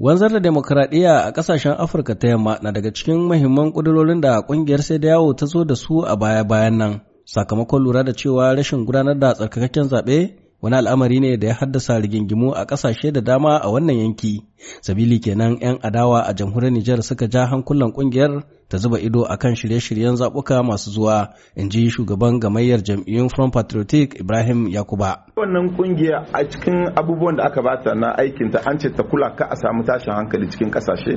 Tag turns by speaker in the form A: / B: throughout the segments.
A: Wanzar da demokradiyya a ƙasashen Afirka ta yamma na daga cikin mahimman ƙudurorin da ƙungiyar sai da yawo ta zo da su a baya-bayan nan, sakamakon lura da cewa rashin gudanar da tsarkakakken zaɓe wani al'amari ne da ya haddasa rigingimu a ƙasashe da dama a wannan yanki. Sabili kenan 'yan adawa a jamhuriyar Nijar suka ja hankulan ƙungiyar ta zuba ido a kan shirye-shiryen zaɓuka masu zuwa in ji shugaban gamayyar jam'iyyun Front Patriotic Ibrahim Yakuba.
B: Wannan kungiya a cikin abubuwan da aka bata na aikin ta an ce ta kula ka a samu tashin hankali cikin kasashe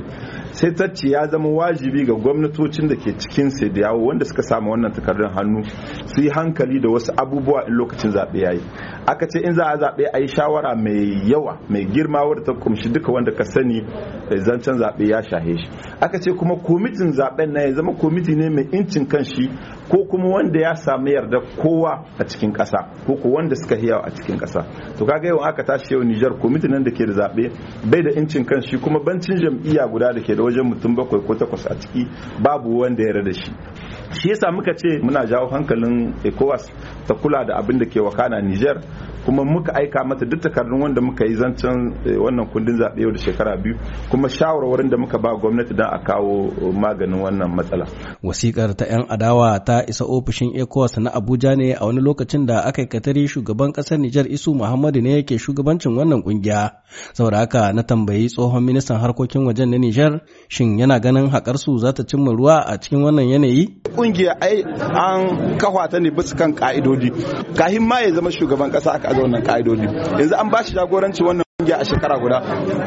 B: sai ta ce ya zama wajibi ga gwamnatocin da ke cikin sai da yawo wanda suka samu wannan takardun hannu su yi hankali da wasu abubuwa in lokacin zaɓe ya yi aka ce in za a zaɓe a yi shawara mai yawa mai girma wadda ta kumshi duka wanda ka sani eh, zancen zaɓe ya shahe shi aka ce kuma komitin zaɓen na ya zama komiti ne mai incin kan shi ko kuma wanda ya samu yarda kowa a cikin ƙasa ko ko wanda suka hiya a cikin ƙasa to kaga yawan aka tashi yau Nijar komiti nan da ke da zaɓe bai da incin kan shi kuma bancin jam'iyya guda da ke da wajen mutum bakwai ko takwas a ciki babu wanda ya da shi shi yasa muka ce muna jawo hankalin ECOWAS ta kula da abin da ke wakana Niger kuma muka aika mata duk takardun wanda muka yi zancen eh, wannan kundin zaɓe yau da shekara biyu kuma shawarwarin da muka ba gwamnati don a kawo eh, maganin wannan matsala.
A: Wasikar ta 'yan adawa ta isa ofishin ECOWAS na Abuja ne a wani lokacin da aka katari shugaban ƙasar Nijar Isu Muhammadu ne yake shugabancin wannan kungiya. Saboda haka na tambayi tsohon ministan harkokin wajen na Nijar shin yana ganin haƙar su za ta cimma ruwa a cikin wannan yanayi?
B: kungiya ai an kafa ta ne bisa kan ka'idodi kahin ma ya zama shugaban kasa aka aza wannan ka'idodi yanzu an bashi jagoranci wannan kungiya a shekara guda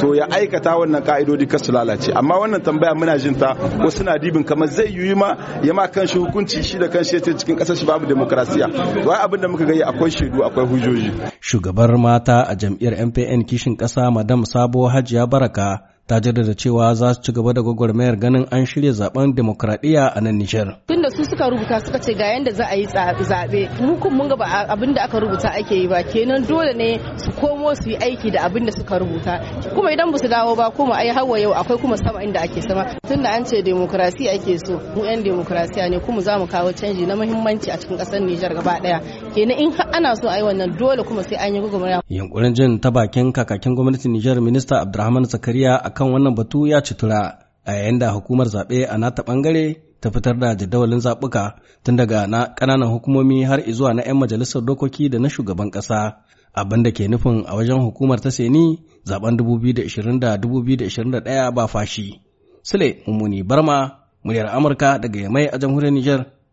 B: to ya aikata wannan ka'idodi kasu lalace amma wannan tambaya muna jin ta wasu na dibin kamar zai yi ma ya ma kanshi hukunci shi da kanshi yace cikin kasar shi babu demokrasiya ai abin da muka gani akwai shaidu akwai hujoji
A: shugabar mata a jam'iyyar MPN kishin kasa madam Sabo Hajiya Baraka ta jaddada cewa za su ci gaba da gwagwarmayar ganin an shirya zaben demokradiyya a nan Nijar.
C: Tun da su suka rubuta suka ce ga yadda za a yi zaɓe, mu kun mun ga abin da aka rubuta ake yi ba kenan dole ne su komo su yi aiki da abin da suka rubuta. Kuma idan ba su dawo ba kuma ai hawa yau akwai kuma sama inda ake sama. Tun da an ce demokrasiya ake so, mu 'yan demokrasiya ne kuma za mu kawo canji na muhimmanci a cikin ƙasar Nijar gaba ɗaya. Kenan in ana so a yi wannan dole kuma sai an yi gwagwarmaya.
A: Yankurin jin ta bakin kakakin gwamnatin Nijar Minista Abdulrahman Zakariya kan wannan batu ya citura a yayin da hukumar zaɓe a nata ɓangare ta fitar da jadawalin zaɓuka tun daga na ƙananan hukumomi har izuwa na 'yan majalisar dokoki da na shugaban ƙasa abin da ke nufin a wajen hukumar ta seni zaɓen 2020 da 2021 ba fashi. Sule Mummuni Barma, muryar Amurka daga Yamai a jamhuriyar Nijar.